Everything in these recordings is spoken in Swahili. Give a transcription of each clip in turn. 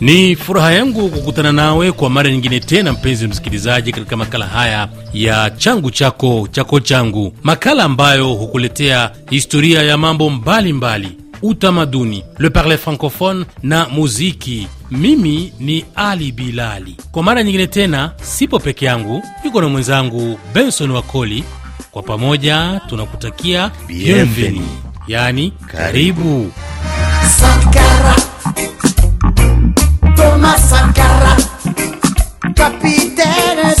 Ni furaha yangu kukutana nawe kwa mara nyingine tena, mpenzi msikilizaji, katika makala haya ya changu chako chako changu, makala ambayo hukuletea historia ya mambo mbalimbali mbali, utamaduni, le parler francophone na muziki. Mimi ni Ali Bilali. Kwa mara nyingine tena sipo peke yangu, yuko na mwenzangu Benson Wakoli. Kwa pamoja tunakutakia bienvenue, yani karibu karibu. Tomás Acarra, capitán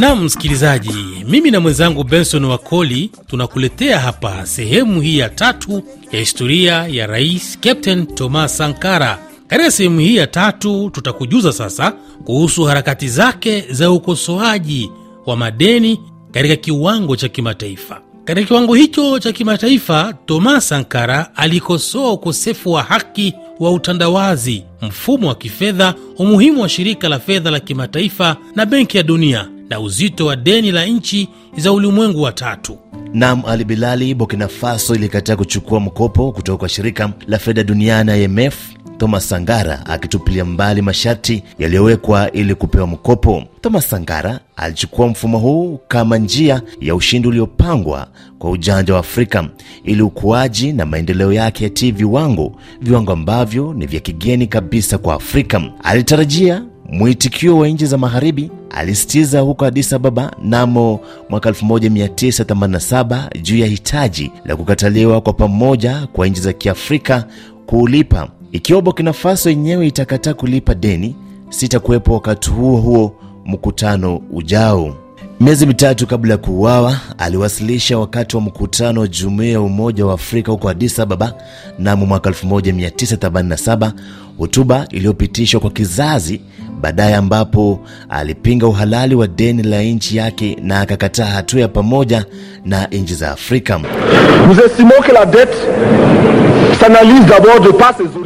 nam msikilizaji, mimi na mwenzangu Benson Wakoli tunakuletea hapa sehemu hii ya tatu ya historia ya Rais Captain Thomas Sankara. Katika sehemu hii ya tatu tutakujuza sasa kuhusu harakati zake za ukosoaji wa madeni katika kiwango cha kimataifa. Katika kiwango hicho cha kimataifa, Thomas Sankara alikosoa ukosefu wa haki wa utandawazi, mfumo wa kifedha, umuhimu wa shirika la fedha la kimataifa na benki ya dunia na uzito wa deni la nchi za ulimwengu wa tatu. Nam Ali Bilali, Burkina Faso ilikataa kuchukua mkopo kutoka kwa shirika la fedha duniani IMF, Thomas Sangara akitupilia mbali masharti yaliyowekwa ili kupewa mkopo. Thomas Sangara alichukua mfumo huu kama njia ya ushindi uliopangwa kwa ujanja wa Afrika ili ukuaji na maendeleo yake yatii viwango, viwango ambavyo ni vya kigeni kabisa kwa Afrika. Alitarajia Mwitikio wa nchi za magharibi alisitiza huko Addis Ababa namo mwaka 1987 juu ya hitaji la kukataliwa kwa pamoja kwa nchi za Kiafrika kuulipa. Ikiwa Burkina Faso yenyewe itakataa kulipa deni, sitakuwepo wakati huo huo mkutano ujao. Miezi mitatu kabla ya kuuawa aliwasilisha wakati wa mkutano wa Jumuiya ya Umoja wa Afrika huko Addis Ababa mnamo mwaka 1987 hotuba iliyopitishwa kwa kizazi baadaye, ambapo alipinga uhalali wa deni la nchi yake na akakataa hatua ya pamoja na nchi za Afrika.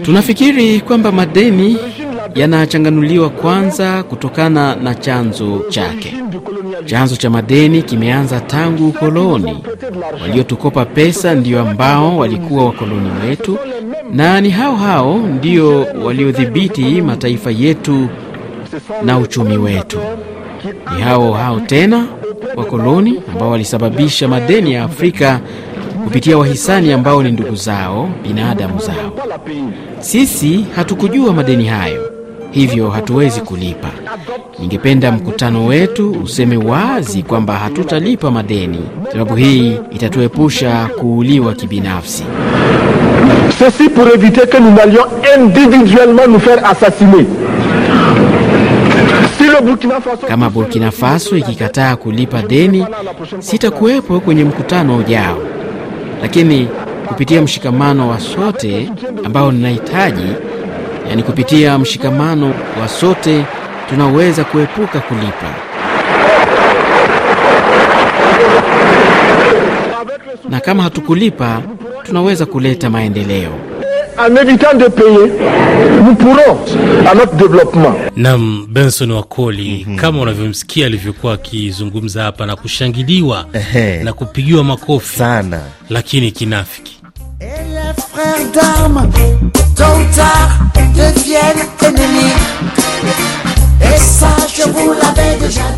Tunafikiri kwamba madeni yanachanganuliwa kwanza kutokana na chanzo chake. Chanzo cha madeni kimeanza tangu ukoloni. Waliotukopa pesa ndio ambao walikuwa wakoloni wetu, na ni hao hao ndio waliodhibiti mataifa yetu na uchumi wetu. Ni hao hao tena wakoloni ambao walisababisha madeni ya Afrika kupitia wahisani ambao ni ndugu zao, binadamu zao. Sisi hatukujua madeni hayo hivyo hatuwezi kulipa. Ningependa mkutano wetu useme wazi kwamba hatutalipa madeni, sababu hii itatuepusha kuuliwa kibinafsi. Ceci pour que nous n'allions individuellement nous faire assassiner. Kama Burkina Faso ikikataa kulipa deni, sitakuwepo kwenye mkutano ujao, lakini kupitia mshikamano wa sote ambao ninahitaji yaani kupitia mshikamano wa sote tunaweza kuepuka kulipa. Na kama hatukulipa, tunaweza kuleta maendeleo. Nam Benson Wakoli, mm -hmm. Kama unavyomsikia alivyokuwa akizungumza hapa na kushangiliwa na kupigiwa makofi sana, lakini kinafiki frères d'armes, tôt ou tard, deviennent ennemis. Et ça,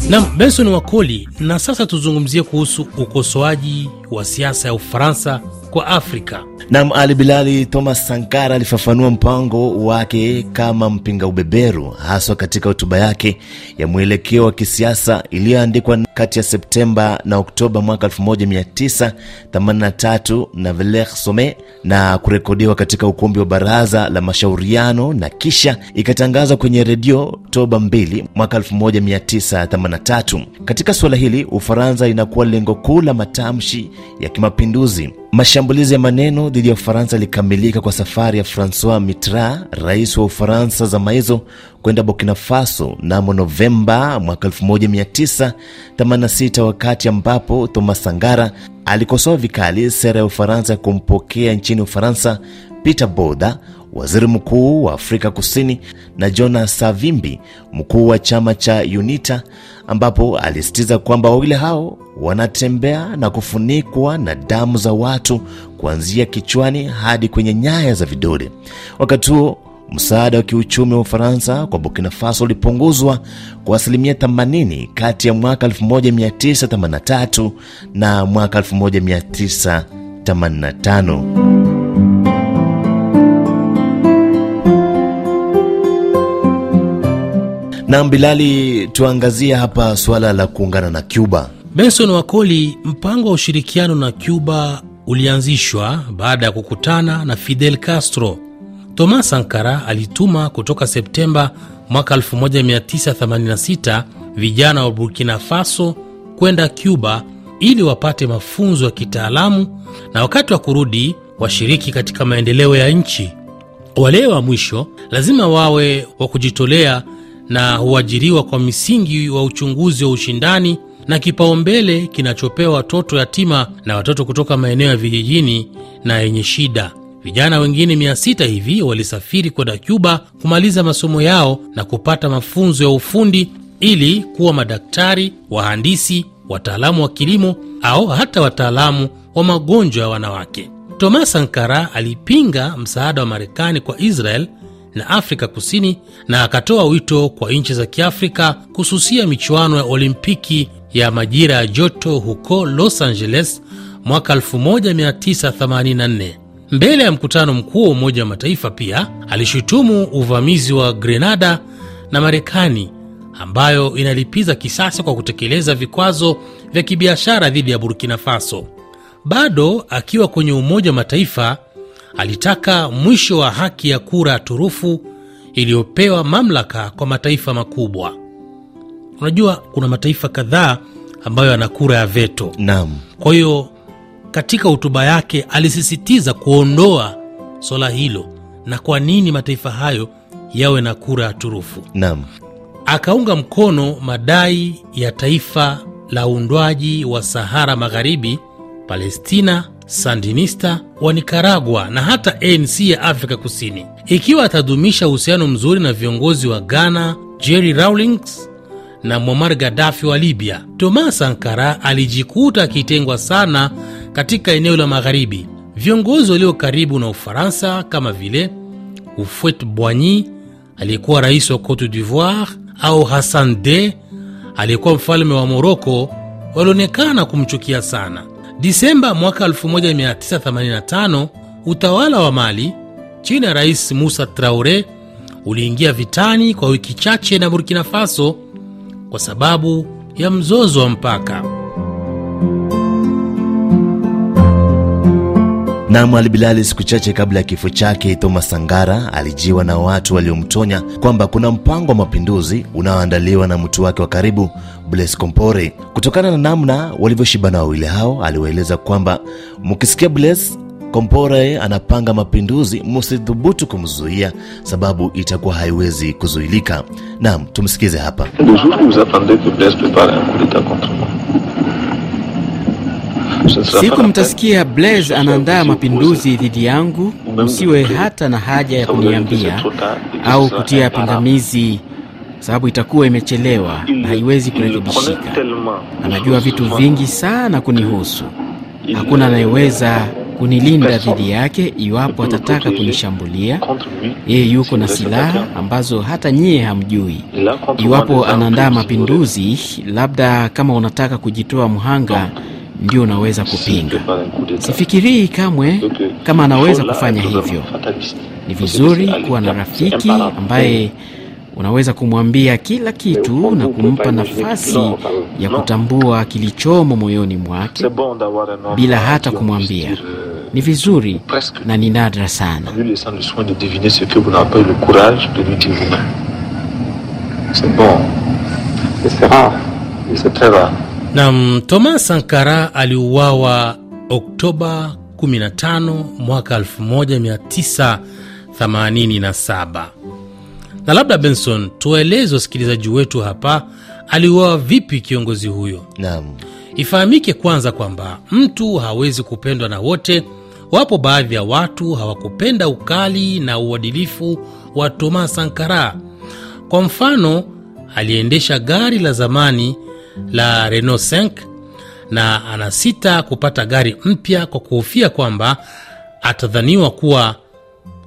Nam Benson Wakoli. Na sasa tuzungumzie kuhusu ukosoaji wa siasa ya Ufaransa kwa Afrika. Nam Ali Bilali, Thomas Sankara alifafanua mpango wake kama mpinga ubeberu, haswa katika hotuba yake ya mwelekeo wa kisiasa iliyoandikwa kati ya Septemba na Oktoba mwaka 1983 na Valere Some na kurekodiwa katika ukumbi wa baraza la mashauriano na kisha ikatangazwa kwenye redio Oktoba 2 mwaka 19 1983. Katika suala hili, Ufaransa inakuwa lengo kuu la matamshi ya kimapinduzi. Mashambulizi ya maneno dhidi ya Ufaransa yalikamilika kwa safari ya Francois Mitterrand, rais wa Ufaransa zama hizo, kwenda Burkina Faso namo Novemba 1986, wakati ambapo Thomas Sangara alikosoa vikali sera ya Ufaransa ya kumpokea nchini Ufaransa Peter Botha waziri mkuu wa Afrika Kusini, na Jonas Savimbi, mkuu wa chama cha UNITA, ambapo alisisitiza kwamba wawili hao wanatembea na kufunikwa na damu za watu kuanzia kichwani hadi kwenye nyaya za vidole. Wakati huo msaada wa kiuchumi wa Ufaransa kwa Burkina Faso ulipunguzwa kwa asilimia 80 kati ya mwaka 1983 na mwaka 1985. Na Bilali, tuangazie hapa suala la kuungana na Cuba. Benson Wakoli, mpango wa ushirikiano na Cuba ulianzishwa baada ya kukutana na Fidel Castro. Thomas Sankara alituma kutoka Septemba mwaka 1986 vijana wa Burkina Faso kwenda Cuba ili wapate mafunzo ya wa kitaalamu na wakati wa kurudi washiriki katika maendeleo ya nchi. Wale wa mwisho lazima wawe wa kujitolea na huajiriwa kwa misingi wa uchunguzi wa ushindani na kipaumbele kinachopewa watoto yatima na watoto kutoka maeneo ya vijijini na yenye shida. Vijana wengine 6 hivi walisafiri kwenda Cuba kumaliza masomo yao na kupata mafunzo ya ufundi ili kuwa madaktari, wahandisi, wataalamu wa kilimo au hata wataalamu wa magonjwa ya wanawake. Thomas Sankara alipinga msaada wa Marekani kwa Israel na Afrika Kusini na akatoa wito kwa nchi za Kiafrika kususia michuano ya Olimpiki ya majira ya joto huko Los Angeles mwaka 1984. Mbele ya mkutano mkuu wa Umoja wa Mataifa pia alishutumu uvamizi wa Grenada na Marekani ambayo inalipiza kisasi kwa kutekeleza vikwazo vya kibiashara dhidi ya Burkina Faso. Bado akiwa kwenye Umoja wa Mataifa, Alitaka mwisho wa haki ya kura ya turufu iliyopewa mamlaka kwa mataifa makubwa. Unajua, kuna mataifa kadhaa ambayo yana kura ya veto. Naam. Kwa hiyo katika hotuba yake alisisitiza kuondoa swala hilo na kwa nini mataifa hayo yawe na kura ya turufu. Naam. Akaunga mkono madai ya taifa la uundwaji wa Sahara Magharibi, Palestina Sandinista wa Nikaragua na hata ANC ya Afrika Kusini. Ikiwa atadumisha uhusiano mzuri na viongozi wa Ghana, Jerry Rawlings na Muammar Gaddafi wa Libya, Thomas Sankara alijikuta akitengwa sana katika eneo la magharibi. Viongozi walio karibu na Ufaransa kama vile ufuet Boigny aliyekuwa rais wa Cote d'Ivoire au Hassan D aliyekuwa mfalme wa Moroko walionekana kumchukia sana. Disemba mwaka 1985 utawala wa Mali chini ya Rais Musa Traore uliingia vitani kwa wiki chache na Burkina Faso kwa sababu ya mzozo wa mpaka. na Ali Bilali, siku chache kabla ya kifo chake, Thomas Sangara alijiwa na watu waliomtonya kwamba kuna mpango wa mapinduzi unaoandaliwa na mtu wake wa karibu Blaise Compaore. Kutokana na namna walivyoshibana wawili hao, aliwaeleza kwamba mkisikia Blaise Kompore anapanga mapinduzi, msithubutu kumzuia sababu itakuwa haiwezi kuzuilika. Naam, tumsikize hapa. Siku mtasikia Blaise anaandaa mapinduzi dhidi yangu, msiwe hata na haja ya kuniambia au kutia pingamizi, sababu itakuwa imechelewa na haiwezi kurekebishika. Anajua vitu vingi sana kunihusu, hakuna anayeweza kunilinda dhidi yake. Iwapo atataka kunishambulia, yeye yuko na silaha ambazo hata nyie hamjui. Iwapo anaandaa mapinduzi, labda kama unataka kujitoa mhanga ndio unaweza kupinga. Sifikirii kamwe kama anaweza kufanya hivyo. Ni vizuri kuwa na rafiki ambaye unaweza kumwambia kila kitu na kumpa nafasi ya kutambua kilichomo moyoni mwake bila hata kumwambia. Ni vizuri na ni nadra sana. Nam Thomas Sankara aliuawa Oktoba 15 mwaka 1987. Na labda Benson, tuwaeleze wasikilizaji wetu hapa, aliuawa vipi kiongozi huyo? Naam, ifahamike kwanza kwamba mtu hawezi kupendwa na wote. Wapo baadhi ya watu hawakupenda ukali na uadilifu wa Thomas Sankara. Kwa mfano, aliendesha gari la zamani la Renault 5 na anasita kupata gari mpya kwa kuhofia kwamba atadhaniwa kuwa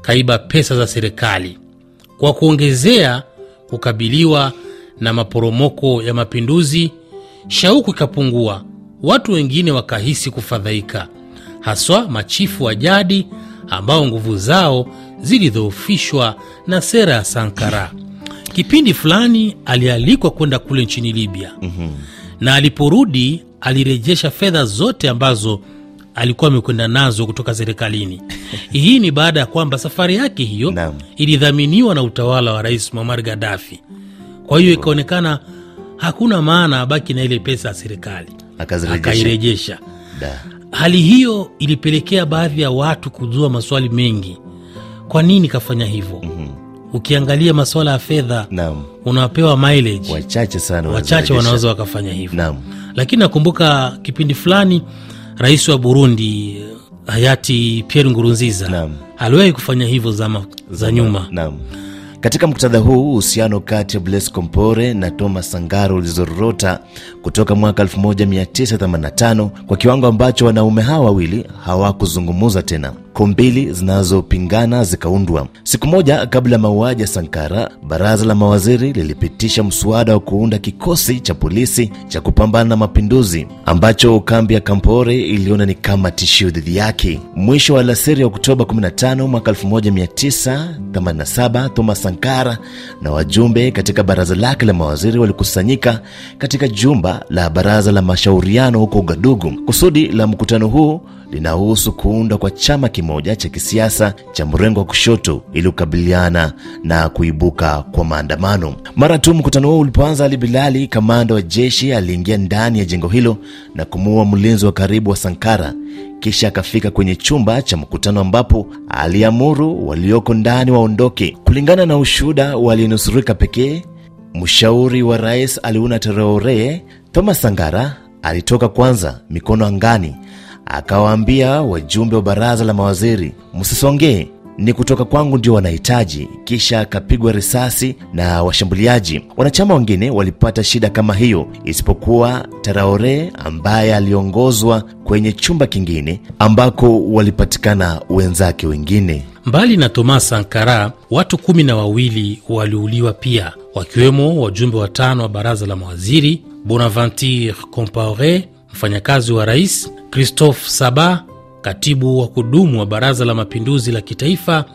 kaiba pesa za serikali. Kwa kuongezea kukabiliwa na maporomoko ya mapinduzi, shauku ikapungua. Watu wengine wakahisi kufadhaika, haswa machifu wa jadi ambao nguvu zao zilidhoofishwa na sera ya Sankara kipindi fulani alialikwa kwenda kule nchini Libya mm -hmm. na aliporudi alirejesha fedha zote ambazo alikuwa amekwenda nazo kutoka serikalini. Hii ni baada ya kwamba safari yake hiyo Naam. ilidhaminiwa na utawala wa Rais Muammar gadafi kwa hiyo ikaonekana hakuna maana abaki na ile pesa ya serikali, akairejesha. Hali hiyo ilipelekea baadhi ya watu kuzua maswali mengi, kwa nini kafanya hivyo? mm -hmm ukiangalia masuala ya fedha unapewa mileage. Wachache sana wachache wanaweza wakafanya hivyo, lakini nakumbuka kipindi fulani rais wa Burundi hayati Pierre Ngurunziza aliwahi kufanya hivyo zama za nyuma naam. Katika muktadha huu uhusiano kati ya Blaise Compaore na Thomas sangaro ulizororota kutoka mwaka 1985 kwa kiwango ambacho wanaume hawa wawili hawakuzungumza tena mbili zinazopingana zikaundwa. Siku moja kabla ya mauaji ya Sankara, baraza la mawaziri lilipitisha mswada wa kuunda kikosi cha polisi cha kupambana na mapinduzi ambacho kambi ya Kampore iliona ni kama tishio dhidi yake. Mwisho wa alasiri ya Oktoba 15 mwaka 1987, Thomas Sankara na wajumbe katika baraza lake la mawaziri walikusanyika katika jumba la baraza la mashauriano huko Ugadugu. Kusudi la mkutano huu linahusu kuunda kwa chama kimoja cha kisiasa cha mrengo wa kushoto ili kukabiliana na kuibuka kwa maandamano. Mara tu mkutano huo ulipoanza, Ali Bilali, kamanda wa jeshi, aliingia ndani ya jengo hilo na kumuua mlinzi wa karibu wa Sankara, kisha akafika kwenye chumba cha mkutano ambapo aliamuru walioko ndani waondoke. Kulingana na ushuhuda walinusurika pekee, mshauri wa rais Aliuna Traore Thomas Sankara alitoka kwanza, mikono angani akawaambia wajumbe wa baraza la mawaziri, msisongee, ni kutoka kwangu ndio wanahitaji. Kisha akapigwa risasi na washambuliaji. Wanachama wengine walipata shida kama hiyo, isipokuwa taraore ambaye aliongozwa kwenye chumba kingine ambako walipatikana wenzake wengine. Mbali na Thomas Sankara, watu kumi na wawili waliuliwa pia, wakiwemo wajumbe watano wa baraza la mawaziri, Bonaventure Compaore mfanyakazi wa rais, Christophe Saba, katibu wa kudumu wa Baraza la Mapinduzi la Kitaifa,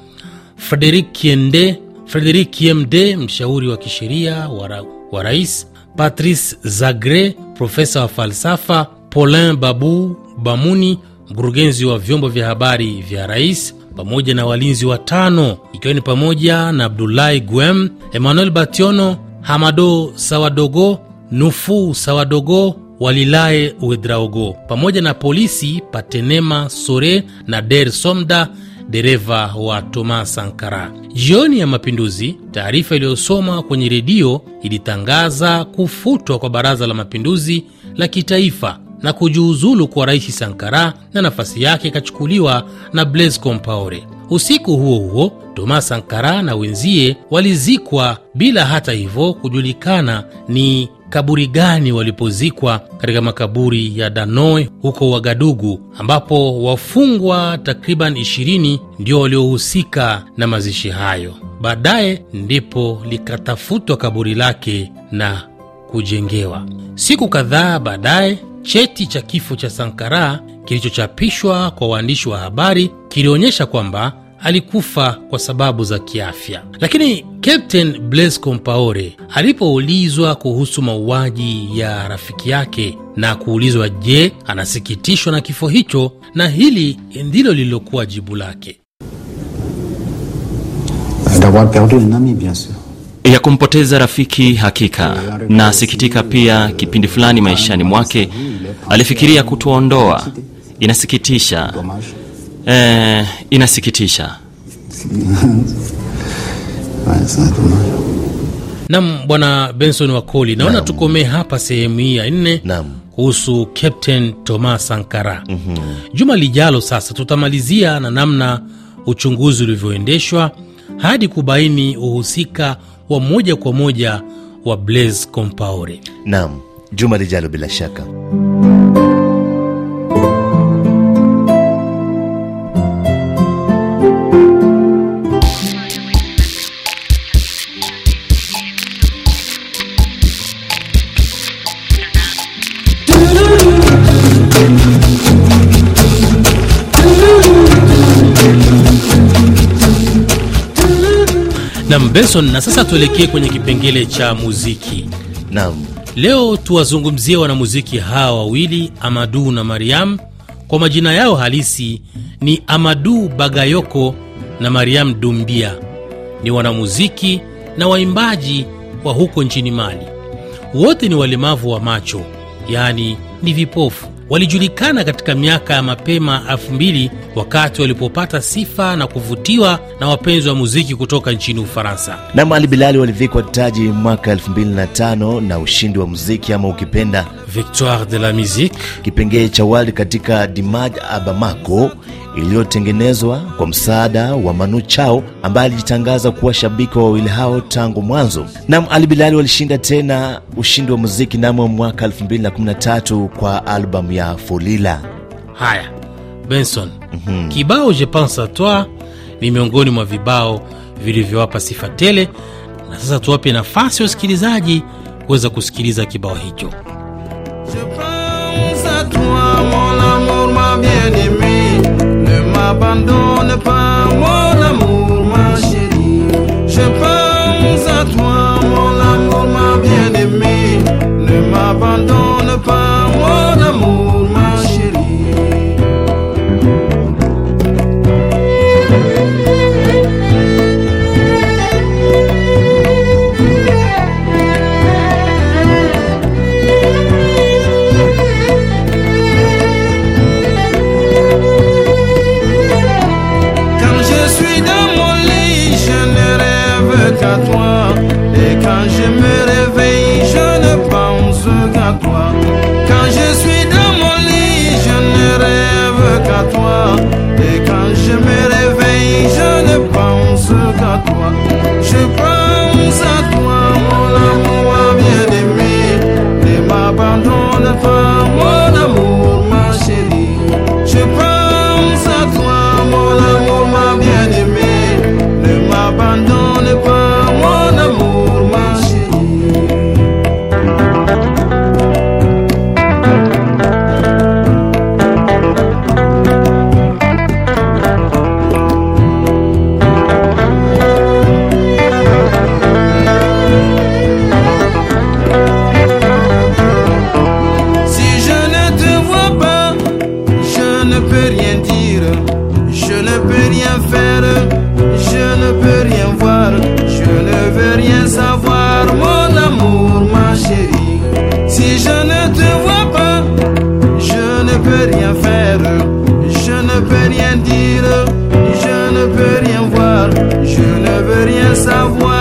Frederic Kiemde, mshauri wa kisheria wa, ra, wa rais, Patrice Zagre, profesa wa falsafa, Paulin Babu Bamuni, mkurugenzi wa vyombo vya habari vya rais pamoja na walinzi watano ikiwa ni pamoja na Abdulahi Guem, Emmanuel Bationo, Hamado Sawadogo, Nufu Sawadogo, Walilae Uedraogo pamoja na polisi Patenema Sore na Der Somda, dereva wa Thomas Sankara. Jioni ya mapinduzi, taarifa iliyosoma kwenye redio ilitangaza kufutwa kwa baraza la mapinduzi la kitaifa na kujiuzulu kwa rais Sankara, na nafasi yake ikachukuliwa na Blaise Compaore. Usiku huo huo, Thomas Sankara na wenzie walizikwa bila hata hivyo kujulikana ni kaburi gani walipozikwa katika makaburi ya Danoe huko Wagadugu, ambapo wafungwa takriban 20 ndio waliohusika na mazishi hayo. Baadaye ndipo likatafutwa kaburi lake na kujengewa. Siku kadhaa baadaye, cheti cha kifo cha Sankara kilichochapishwa kwa waandishi wa habari kilionyesha kwamba alikufa kwa sababu za kiafya. Lakini Captain Blaise Compaore alipoulizwa kuhusu mauaji ya rafiki yake na kuulizwa je, anasikitishwa na kifo hicho, na hili ndilo lililokuwa jibu lake: ya kumpoteza rafiki. Hakika na sikitika pia. Kipindi fulani maishani mwake alifikiria kutuondoa. Inasikitisha Eh, inasikitisha. Nam Bwana Benson Wakoli, naona tukomee hapa sehemu hii ya nne kuhusu Captain Thomas Sankara. mm -hmm. Juma lijalo sasa tutamalizia na namna uchunguzi ulivyoendeshwa hadi kubaini uhusika wa moja kwa moja wa Blaise Compaore. Naam, Juma lijalo bila shaka. Nam Benson, na sasa tuelekee kwenye kipengele cha muziki. Nam, leo tuwazungumzie wanamuziki hawa wawili Amadu na Mariam. Kwa majina yao halisi ni Amadu Bagayoko na Mariam Dumbia. Ni wanamuziki na waimbaji wa huko nchini Mali. Wote ni walemavu wa macho, yaani ni vipofu walijulikana katika miaka ya mapema 2000 wakati walipopata sifa na kuvutiwa na wapenzi wa muziki kutoka nchini Ufaransa. Nam Ali Bilali walivikwa taji mwaka 2005 na ushindi wa muziki ama ukipenda Victoire de la Musique, kipengee cha wali katika Dimaj Abamako iliyotengenezwa kwa msaada wa Manu Chao ambaye alijitangaza kuwa shabiki wa wawili hao tangu mwanzo. Nam Ali Bilali walishinda tena ushindi wa muziki namo mwaka 2013 kwa albamu ya Folila. Haya, Benson, mm -hmm. kibao Je pense a toi ni miongoni mwa vibao vilivyowapa sifa tele, na sasa tuwape nafasi ya usikilizaji kuweza kusikiliza kibao hicho. Je pense à toi, mon amour, ma bien aimé. Ne m'abandonne pas, mon amour, ma chérie. Je pense à toi, mon amour, ma bien aimé. Ne m'abandonne Je ne peux rien faire, je ne peux rien voir, je ne veux rien savoir, mon amour, ma chérie. Si je ne te vois pas, je ne peux rien faire, je ne peux rien dire, je ne peux rien voir, je ne veux rien savoir.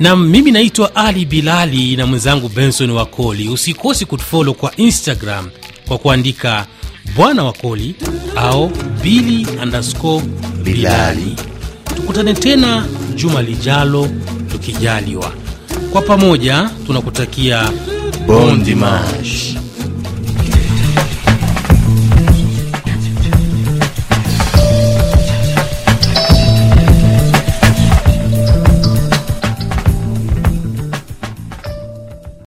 na mimi naitwa Ali Bilali na mwenzangu Benson Wakoli. Usikosi kutufolo kwa Instagram kwa kuandika bwana Wakoli au bili andasco Bilali. Tukutane tena juma lijalo, tukijaliwa. Kwa pamoja tunakutakia bon